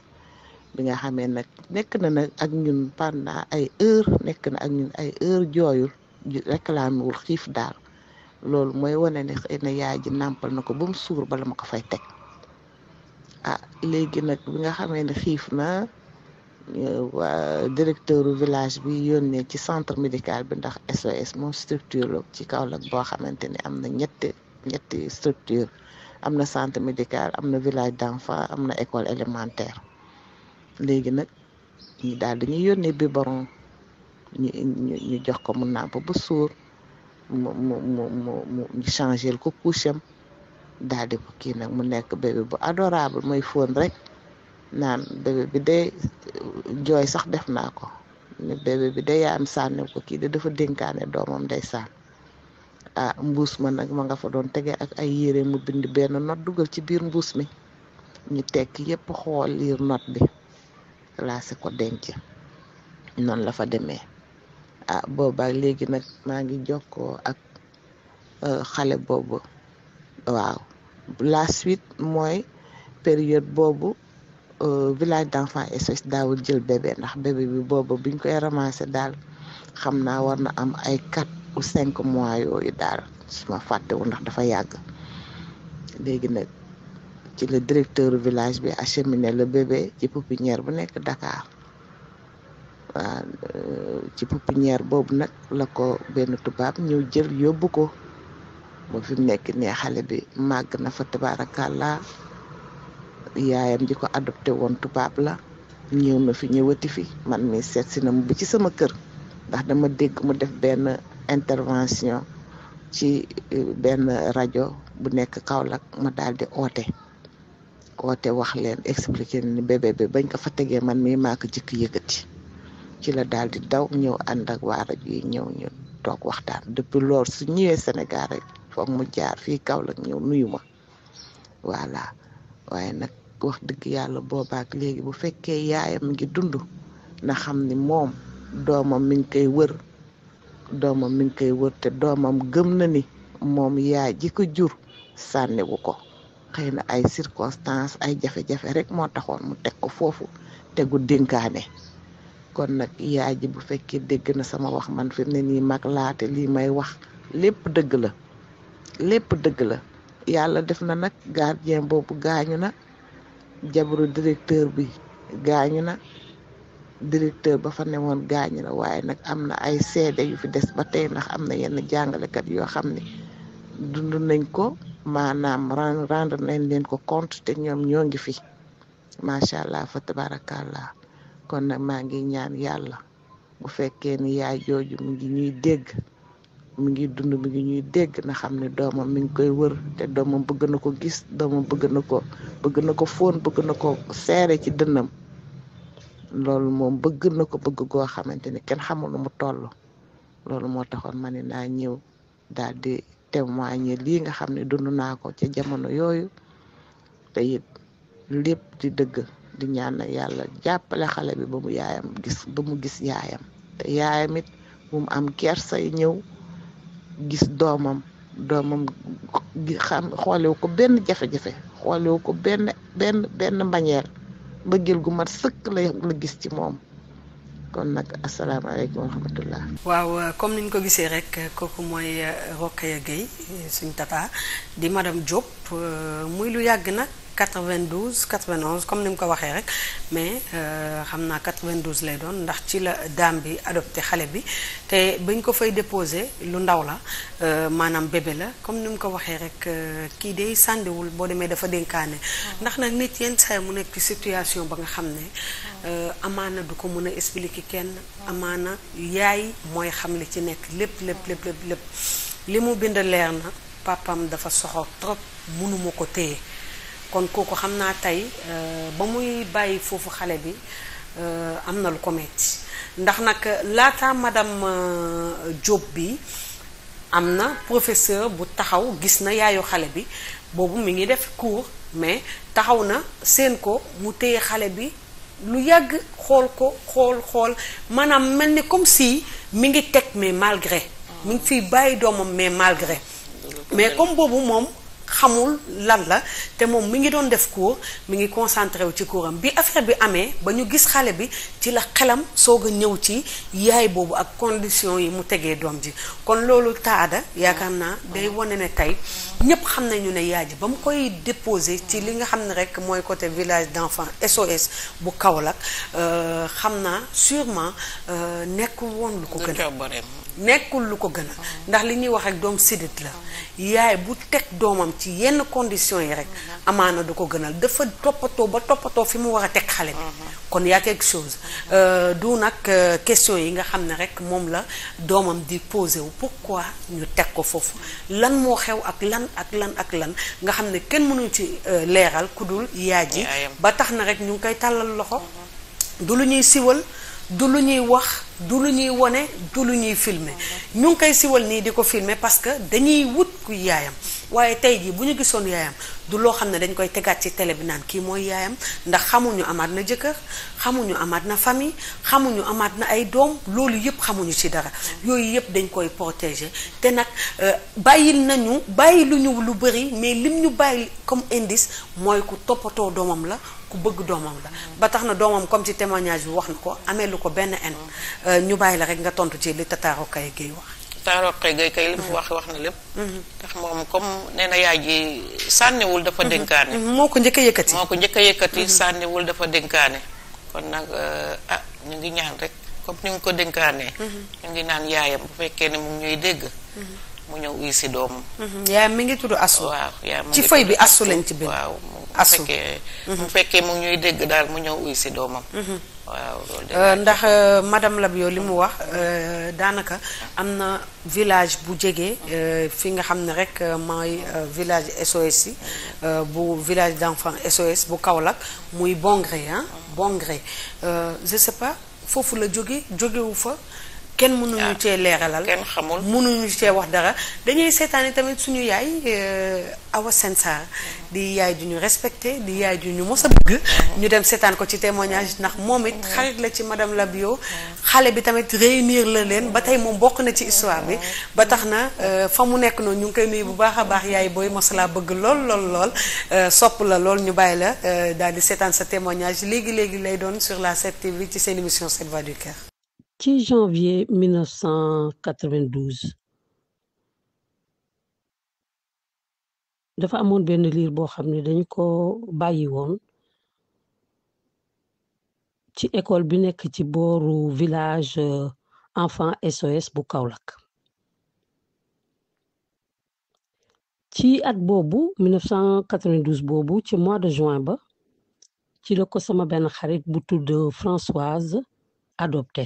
bi nga xamee nag nekk na nag ak ñun pendant ay heure nekk na ak ñun ay heure jooyul réclamewul xiif daal loolu mooy wane ne xëy na yaay ji nàmpal na ko ba mu suur bala ma ko fay teg ah léegi nag bi nga xamee ne xiif na euh, waa directeur village bi yónnee ci centre médical bi ndax SOS moom structure la ci Kaolack boo xamante ni am na ñetti ñetti structure am na centre médical am na village d'enfants am na école élémentaire léegi nag ñu daal di ñuy yónnee biberon ñu ñu jox ko mu nàmp ba suur mu mu mu mu ko couche daldi daal di ko kii nag mu nekk bébé bu adorable mooy fóon rek naan bébé bi de jooy sax def naa ko ne bébé bi de yaayam sànni ko kii de dafa dénkaane doomam day sànn ah mbuus ma nag ma nga fa doon tege ak ay yére mu bind benn not dugal ci biir mbuus mi ñu tekk yépp xool liir not bi placé ko denc noonu lafa fa demee ah boobaa léegi nag maa ngi jokkoo ak eh, xale boobu waaw la suite mooy période boobu eh, village d'enfants SOS daawul jël bébé ndax bébé bi boobu biñ koy ramassé daal xam naa war na am ay kat ou cinq mois yooyu daal suma fàttewul ndax dafa yàgg léegi nag ci le directeur village bi acheminé le bébé ci pouponnière bu nekk dakaar waaw euh, ci pouponnière boobu nag la ko benn tubaab ñëw jël yóbbu ko ba fi mu nekk nii xale bi màgg na fa tabaarakàllaa yaayam ji ko adopté woon tubaab la ñëw na fi ñëwati fi man mi seet si na mu ba ci sama kër ndax dama dégg mu def benn intervention ci euh, benn rajo bu nekk Kaolack ma daldi oote oote wax leen expliquer ni bébé bi bañ ko fa tegee man mii maa ko jëkk ci la daldi daw ñëw ànd ak waa rajo yi ñëw ñu toog waxtaan depuis lool su ñëwee Sénégal rek foog mu jaar fii Kaolack ñëw nuyu ma waaye nag wax dëgg yàlla boobaak léegi bu fekkee yaayam ngi dund na xam ni moom doomam mi ngi koy wër doomam mi ngi koy wër te doomam gëm na ni moom yaay ji ko jur sànniwu ko xëy na ay circonstances ay jafe-jafe rek moo taxoon mu teg ko foofu tegu dénkaane kon nag yaay ji bu fekkee dégg na sama wax man fi mu ne nii mag laate lii may wax lépp dëgg la lépp dëgg la yàlla def na nag gardien boobu gaañu na jabaru directeur bi gaañu na directeur ba fa newoon gaañu la waaye nag am na ay seede yu fi des ba tey ndax am na yenn jàngalekat yoo xam ne dund nañ ko maanaam rendre nañ leen ko compte te ñoom ñoo ngi fi macha allah fa tabarakallah kon nag maa ngi ñaan yàlla bu fekkee ni yaay jooju mu ngi ñuy dégg mi ngi dund mi ngi ñuy dégg na xam ne doomam mi ngi koy wër te doomam bëgg na ko gis doomam bëgg na ko bëgg na ko fóon bëgg na ko seere ci dënnam loolu moom bëgg na ko bëgg goo xamante ni kenn xamul mu toll loolu moo taxoon ma ne naa ñëw daal di témoigner lii nga xam ne dund naa ko ca jamono yooyu te it lépp di dëgg di ñaan na yàlla jàppale xale bi ba mu yaayam gis ba mu gis yaayam te yaayam it bu mu am kersay ñëw gis doomam doomam xam xoolewu ko benn jafe-jafe xoolewu ko benn benn benn mbañeel mbëggeel gu mat sëkk la la gis ci moom kon nag asalaamaaleykum wa rahmatullah waaw comme ni niñ ko gisee rek kooku mooy Rokhaya Gaye suñ tata di madame Diop euh, muy lu yàgg na 92 91 comme ni mu ko waxee rek mais euh, xam naa 92 lay doon ndax ci la daam bi adopté xale bi te bañ ko fay déposé lu ndaw la euh, maanaam bébé la comme ni mu ko waxee rek euh, kii day sàndiwul boo demee dafa dénkaane ndax nag nit yenn saa mu nekk ci situation ba nga xam ne amaana du ko mun a expliquer kenn amaana yaay mooy xam li ci nekk lépp lépp lépp lépp li mu bind leer na papam dafa soxo trop mënuma ko téye kon kooku xam naa tey euh, ba muy bàyyi foofu xale bi euh, am na lu ko metti ndax nag laata madam euh, Diop bi am na professeur bu taxaw gis na yaayu xale bi boobu mi ngi def cours mais taxaw na seen ko mu téye xale bi lu yàgg xool ko xool xool maanaam mel ni comme si mi ngi teg mais malgré ah. mu ngi fiy bàyyi doomam mais malgré mais comme boobu moom xamul lan la te moom mu ngi doon def cours mi ngi concentré wu ci coursam bi affaire bi amee ba ñu gis xale bi ci la xelam soog a ñëw ci yaay boobu ak condition yi mu tegee doom ji kon loolu taada yaakaar naa day wane ne tey ñépp xam nañu ne yaay ji ba mu koy déposé ci li nga xam ne rek mooy côté village d'enfants SOS bu kaw Kaolack euh, xam naa sûrement euh, nekkul woon lu ko gën nekkul lu ko gën a ndax li ñuy wax rek doom sidit la yaay bu teg doomam ci yenn conditions yi rek amaana du ko gënal dafa toppatoo ba toppatoo fi mu war a teg xale bi kon yaa quelque chose euh, du nag euh, question yi nga xam ne rek moom la doomam di posé wu quoi ñu teg ko foofu lan moo xew ak lan ak lan ak lan nga xam ne kenn mënu ci euh, leeral ku dul yaay ji ba tax na rek ñu ngi koy tàllal loxo du lu ñuy siwal du lu ñuy wax du lu ñuy wone du lu ñuy filmer ñu ngi koy siwal nii di ko filmer parce que dañuy wut ku yaayam waaye tey jii bu ñu gisoon yaayam du loo xam ne dañ koy tegaat ci télé bi naan kii mooy yaayam ndax xamuñu amaat na jëkkër xamuñu amaat na famille xamuñu amaat na ay doom loolu yëpp xamuñu ci dara yooyu yëpp dañ koy protéger te nag euh, bàyyil nañu bàyyi lu ñu lu bëri mais lim ñu bàyyi comme indice mooy ku toppatoo doomam la ku bëgg doomam la ba tax na doomam comme ci témoignage bi wax na ko amee lu ko benn en euh, ñu bàyyi la rek nga tontu ci li Tataaro Kay Guèye wax Tataaro Kay Guèye kay li mu wax wax na lépp mhm. ndax moom comme nee na yaay ji sànniwul dafa mhm. dénkaane mhm. moo ko njëkk a yëkkati moo ko njëkk a yëkkati sànniwul dafa dénkaane kon nag euh, ah ñu ngi ñaan rek comme ni nga ko dénkaanee ñu ngi naan yaayam bu fekkee ne mu ngi ñuy dégg mu ñëw uy si doomam yaayam mi ngi tudd asu waaw ci fay bi asu lañ ci bind waaw asu fekkee mu fekkee mu ñuy dégg daal mu ñëw uy si doomam mhm. waaw loolu euh, ndax euh, madame Labio li mu wax euh, daanaka am na village bu jege fi nga xam ne rek mooy village SOS yi bu village d'enfants SOS bu Kaolack muy Bongré Bongré je sais pas foofu la jóge jógewu fa kenn mënuñu ah. cee leeralal kenn xamul mënuñu cee wax dara dañuy seetaani tamit suñu yaay euh, Awa Sène Sarr di yaay ju ñu respecté di yaay ju ñu mos a bëgg ah. ñu dem seetaan ko ci témoignage ndax moom it ah. xarit la ci madame Labio xale bi tamit réunir la leen ba tey moom bokk na ci histoire bi ba tax na euh, fa mu nekk noonu ñu ngi koy nuyu bu baax a baax yaay booy mos laa bëgg lool lool lool euh, sopp la lool ñu bàyyi la daal di seetaan sa témoignage léegi léegi lay doon sur la 7TV ci seen émission 7 ci janvier 1992 dafa amoon benn liir boo xam ne dañu ko bàyyi woon ci école bi nekk ci booru village euh, enfant SOS bu Kaolack ci at boobu 1992 boobu ci mois de juin ba ci la ko sama benn xarit bu tudd Françoise adopté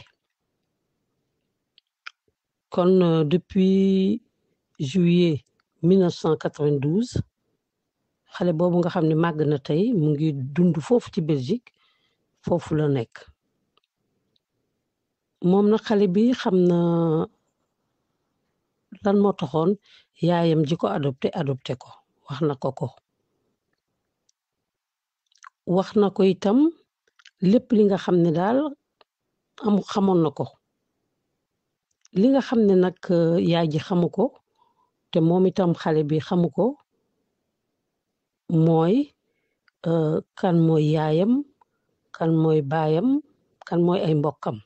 kon euh, depuis juillet 1992 xale boobu nga xam ni màgg na tey mu ngi dund foofu ci Belgique foofu la nekk moom na xale bi xam na lan moo taxoon yaayam ji ko adopté adopté ko wax na ko ko wax na ko itam lépp li nga xam ne daal am xamoon na ko li nga xam ne nag euh, yaay ji xamu ko te moom itam xale bi xamu ko mooy euh, kan mooy yaayam kan mooy baayam kan mooy ay mbokkam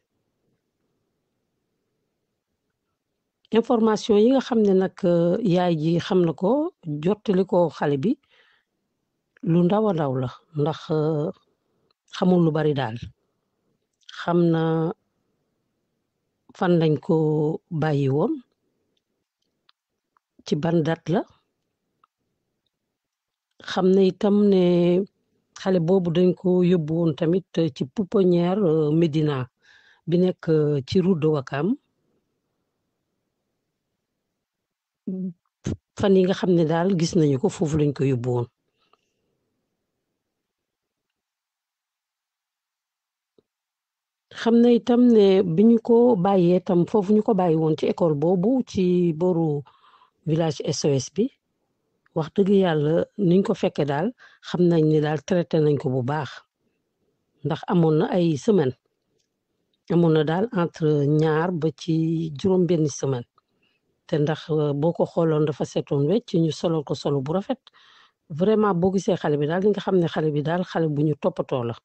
information yi nga xam ne nag euh, yaay ji xam na ko jottali ko xale bi lu ndaw a ndaw la ndax xamul lu bari daal xam na fan lañ ko bàyyi woon ci ban dat la xam ne itam ne xale boobu dañ ko yóbbu tamit ci pouponnière euh, Médina bi nekk euh, ci route Wakam fan yi nga xam ne daal gis nañu ko foofu lañ ko yóbbu xam ne itam ne bi ñu ko bàyyee tam foofu ñu ko bàyyi woon ci école boobu ci boru village SOS bi wax dëgg yàlla niñ ko fekke daal xam nañ ni daal traité nañ ko bu baax ndax amoon na ay semaine amoon na daal entre ñaar ba ci juróom benn semaine te ndax euh, boo ko xooloon dafa setoon we ci ñu solo ko solo bu rafet vraiment boo gisee xale bi daal li nga xam ne xale bi daal xale bu ñu toppatoo la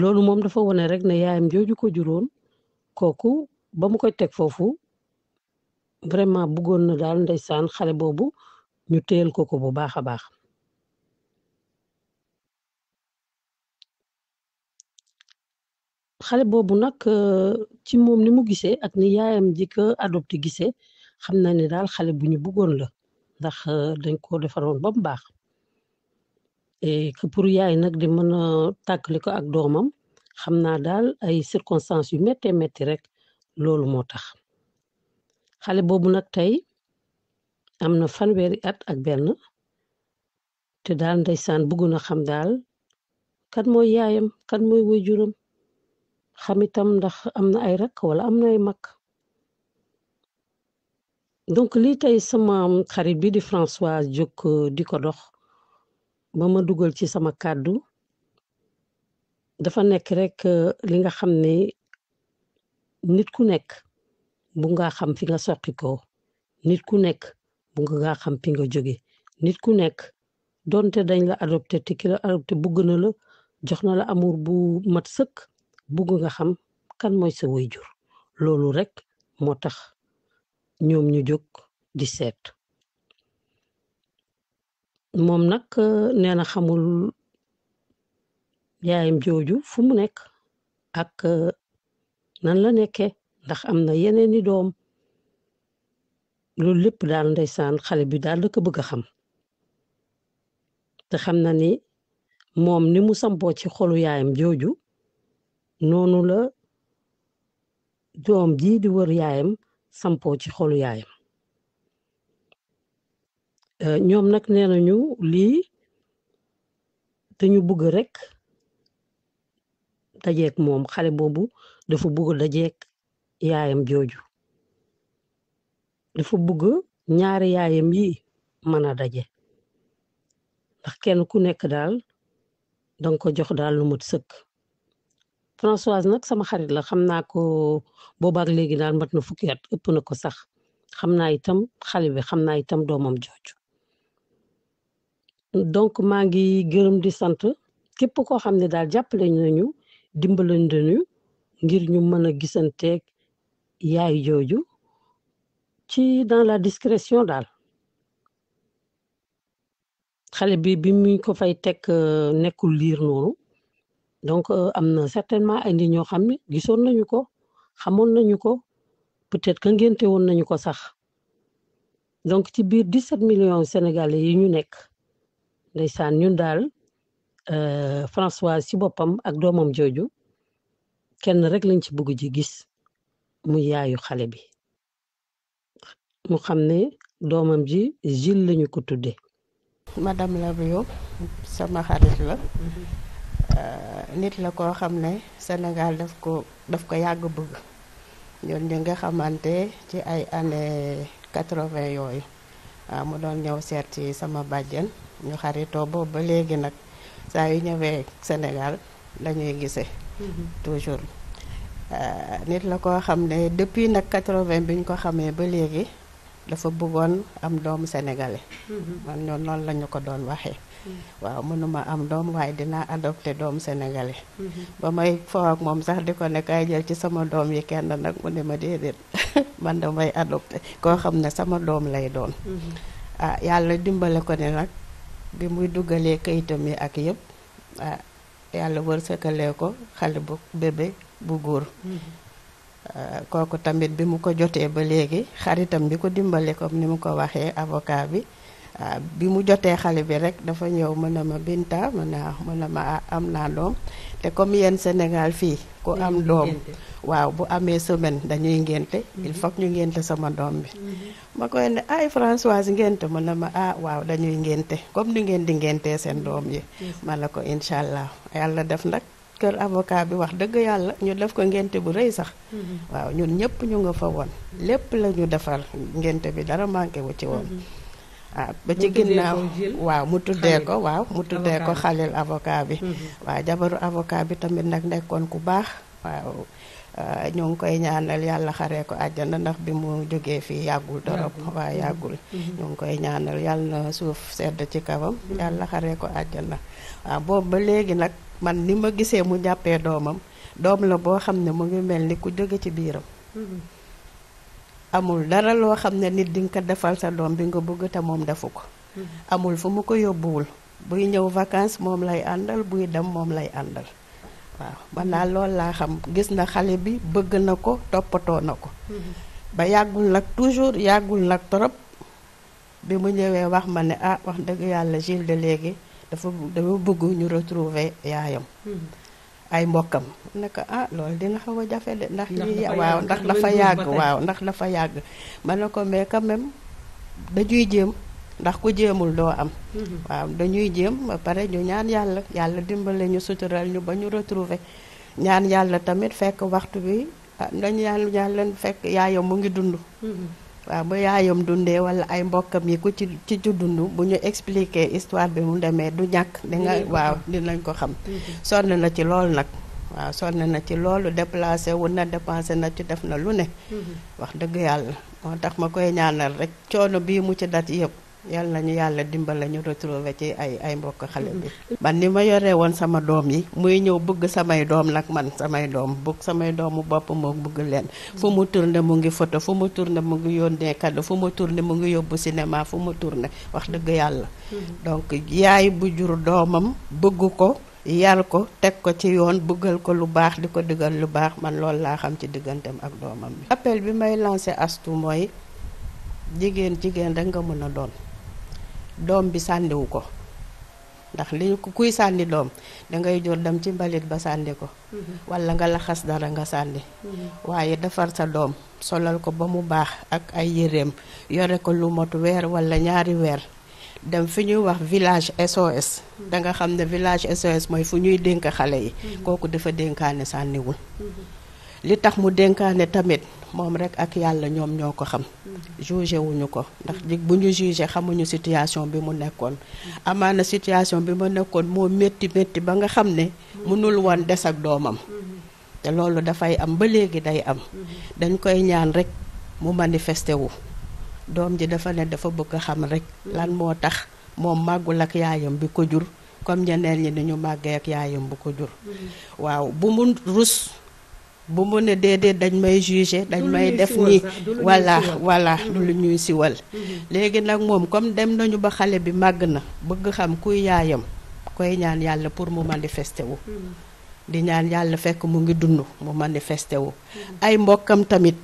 loolu moom dafa wane rek ne yaayam jooju ko juróon kooku ba mu koy teg foofu vraiment bëggoon na daal ndeysaan xale boobu ñu téyel ko ko bu baax a baax xale boobu nag euh, ci moom ni mu gisee ak ni yaayam ji ko adopté gisee xam na ne daal xale bu ñu bëggoon la ndax euh, dañ ko defaroon ba mu baax et pour yaay nag di mën a tàkkali ko ak doomam xam naa daal ay circonstances yu méttee metti rek loolu moo tax xale boobu nag tey am na fanweeri at ak benn te daal ndeysaan bëgg na xam daal kan mooy yaayam kan mooy waajuram xam itam ndax am na ay rakk wala am na ay mag donc lii tey sama xarit bi di François jóg euh, di ko dox ba ma dugal ci sama kàddu dafa nekk rek euh, li nga xam ne nit ku nekk bu nga xam fi nga soqi ko nit ku nekk bu nga xam fi nga jóge nit ku nekk donte dañ la adopté te ki la adopté bugg na la jox na la amur bu mat sëkk bugg nga xam kan mooy sa waajur loolu rek moo tax ñoom ñu jóg di seet moom nag euh, nee na xamul yaayam jooju fu mu nekk ak euh, nan la nekkee ndax am na yeneeni doom loolu lépp daal ndeysaan xale bi daal la ko bëgg a xam te xam na ni moom ni mu sampoo ci xolu yaayam jooju noonu la doom jii di wër yaayam sampoo ci xolu yaayam Euh, ñoom nag nee nañu lii dañu bëgg rek dajeek moom xale boobu dafa bëgg dajeek yaayam jooju dafa bëgg ñaari yaayam yi mën a daje ndax kenn ku nekk daal danga ko jox daal lu mat sëkk Françoise nag sama xarit la xam naa ko boobaak léegi daal mat na fukki at ëpp na ko sax xam naa itam xale bi xam naa itam doomam jooju donc maa ngi gërëm di sant képp koo xam ne daal jàppale nañu dimbalante ñu ngir ñu mën a gisanteeg yaay jooju ci dans la discrétion daal xale bi bi mu ko fay teg euh, nekkul liir noonu donc euh, am na certainement ay nit ñoo xam ne gisoon nañu ko xamoon nañu ko peut-être que ngénte woon nañu ko sax donc ci biir 17 million sénégalais yi ñu nekk ndeysaan ñun daal euh, François ci boppam ak doomam jooju kenn rek lañ ci bëgg ji gis mu yaayu xale bi mu xam ne doomam ji Gilles lañu ko tudde madame Labio sama xarit la euh, nit la koo xam ne Sénégal daf ko daf ko yàgg bëgg ñoon ñu nga xamante ci ay années quatre-vingt yooyu waaw ah, mu doon ñëw seet ci sama bàjjen ñu xaritoo boobu ba léegi nag saa yu ñëwee Sénégal lañuy gisee. Mhm. toujours ah, nit la koo xam ne depuis nag vingt bi ñu ko xamee ba léegi dafa bëggoon am doomu sénégalais. Mhm. man ñoom noonu la ko doon waxee. waaw mënuma am doom waaye dinaa adopté doom sénégalais. ba may foo ak moom sax di ko ne kaay jël ci sama doom yi kenn nag mu ne ma déedéet man damay adopté koo xam ne sama doom lay doon. Ah, yàlla dimbale ko ne nag bi muy duggalee kayitam yi ak yépp ah, yàlla wërsëgalee ko xale bu bébé bu góor. Ah, kooku tamit bi mu ko jotee ba léegi xaritam bi ko dimbale ko ni mu ko waxee avocat bi. waaw ah, bi mu jotee xale bi rek dafa ñëw mën na ma Binta mën naa mën na ma ah, am naa doom te comme yéen Sénégal fii ku am doom waaw bu amee semaine dañuy ngénte mhm. il faut ñu ngénte sama doom bi mhm. ma koy ne ay Françoise ngénte mën na ma ah waaw dañuy ngénte comme ni ngeen di ngéntee seen doom yi ma la ko incha allah yàlla def nag kër avocat bi wax dëgg yàlla ñu def ko ngénte bu rëy sax mhm. waaw ñun ñëpp ñu nga fa woon lépp la ñu defar ngénte bi dara manqué wu ci woon waaw ah, ba ci ginnaaw waaw mu tuddee ko waaw mu tuddee ko xalil avocat bi mm-hmm. waa jabaru avocat bi tamit nag nekkoon ku baax waaw ah, ñoo ngi koy ñaanal yàlla xaree ko àjjana ndax bi mu jógee fii yàggul torop waa yàggul mm-hmm. Mm-hmm. ñoo ngi koy ñaanal yàlla na suuf sedd ci kawam yàlla xaree ko àjjana waaw boobu ba léegi nag man ni ma gisee mu jàppee doomam doom la boo xam ne mu ngi mel ni ku jóge ci biiram amul dara loo xam ne nit di nga ko defal sa doom bi nga bëgg te moom defu ko mm-hmm. amul fu mu ko yóbbuwul buy ñëw vacances moom lay àndal buy dem moom lay àndal waaw man daal loolu laa xam gis na xale bi bëgg na ko toppatoo na ko mm-hmm. ba yàggul nag toujours yàggul nag trop bi mu ñëwee wax ma ne ah wax dëgg yàlla Gilles léegi dafa dafa bëgg ñu retrouver yaayam mm-hmm. ay mbokkam naka ah lool dina xaw a jafe de ndax lii waaw ndax dafa yàgg waaw ndax dafa yàgg ma ne ko mais quand même dañuy jéem ndax ku jéemul doo am mhm. waaw dañuy jéem ba pare ñu ñaan yàlla yàlla dimbale ñu sutural ñu ba ñu retrouver ñaan yàlla tamit fekk waxtu wi bi dañu ah, ñaan leen fekk yaayam mu ngi dund mhm. waaw ba yaayam dundee wala ay mbokkam yi ku ci ci dund bu ñu expliquer histoire bi mu demee du ñàkk di nga waaw dinañ ko xam sonn na ci lool nag waaw sonn na ci loolu déplacé wu na dépensé na ci def na lu ne wax dëgg yàlla moo tax ma koy ñaanal rek coono bii mu ci dat yëpp yal nañu yàlla dimbala ñu retrouver ci ay ay mbokk xale bi. man ni ma yoree woon sama doom yi muy ñëw bëgg samay doom nag man samay doom bëgg samay doomu bopp moo bëgg leen. fu mu tourné mu ngi photo fu mu turne mu ngi yónnee fu mu tourné mu ngi yóbbu cinéma fu mu tourné wax dëgg yàlla. Mm-hmm. donc yaay bu jur doomam bëgg ko. yal ko teg ko ci yoon bëggal ko lu baax di ko digal lu baax man loolu laa xam ci digganteem ak doomam bi appel bi may lancé astu mooy jigéen jigéen rek nga mën a doon doom bi sànniwu ko ndax li kuy sànni doom dangay jor dem ci mbalit ba sànni ko mm-hmm. walla nga laxas dara nga sànni mm-hmm. waaye defar sa doom solal ko ba mu baax ak ay yéreem yore ko lu mot weer walla ñaari weer dem fi ñuy wax village SOS mm-hmm. danga xam ne village SOS mooy fu ñuy dénk xale yi kooku dafa dénkaane sànniwul li tax mu dénkaane tamit moom rek ak yàlla ñoom ñoo ko xam mm-hmm. jugé wuñu ko ndax bu ñu jugé xamuñu situation bi mu nekkoon mm-hmm. amaana situation bi mu nekkoon moo métti métti ba nga xam ne mënul mm-hmm. woon des ak doomam te loolu dafay am ba léegi day am dañ koy ñaan rek mu manifesté wu doom ji dafa ne dafa bëgg a xam rek lan moo tax moom màggul ak yaayam bi ko jur comme ñeneen ñi ni ñu màggee ak yaayam bu ko jur waaw bu mu rus bu mu ne déedéet dañ may jugé dañ may def nii voilà voilà mm-hmm. lu ñuy siwal mm-hmm. léegi nag moom comme dem nañu ba xale bi màgg na bëgg xam kuy yaayam koy ñaan yàlla pour mu manifester wu mm-hmm. di ñaan yàlla fekk mu ngi dund mu manifester wu ay mbokkam tamit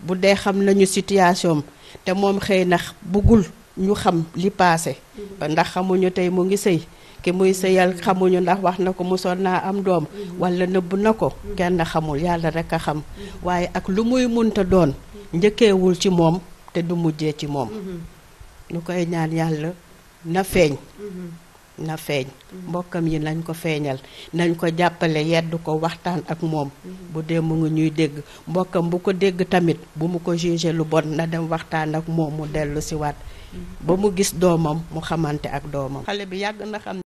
bu dee xam nañu situation te moom xëy na buggul ñu xam li passé ba ndax xamuñu tey mu ngi sëy ki muy sëyal xamuñu ndax wax na ko mosoon naa am doom wala nëbb na ko kenn xamul yàlla rekk a xam waaye ak lu muy munta doon njëkkewul ci moom te du mujjee ci moom ñu koy ñaan yàlla na feeñ na feeñ mbokkam yi nañ ko feeñal nañ ko jàppale yedd ko waxtaan ak moom bu dee mu ngi ñuy dégg mbokkam bu ko dégg tamit bu mu ko jugé lu bon na dem waxtaan ak moom mu dellu si waat ba mu gis doomam mu xamante ak doomam xale bi yàgg na xam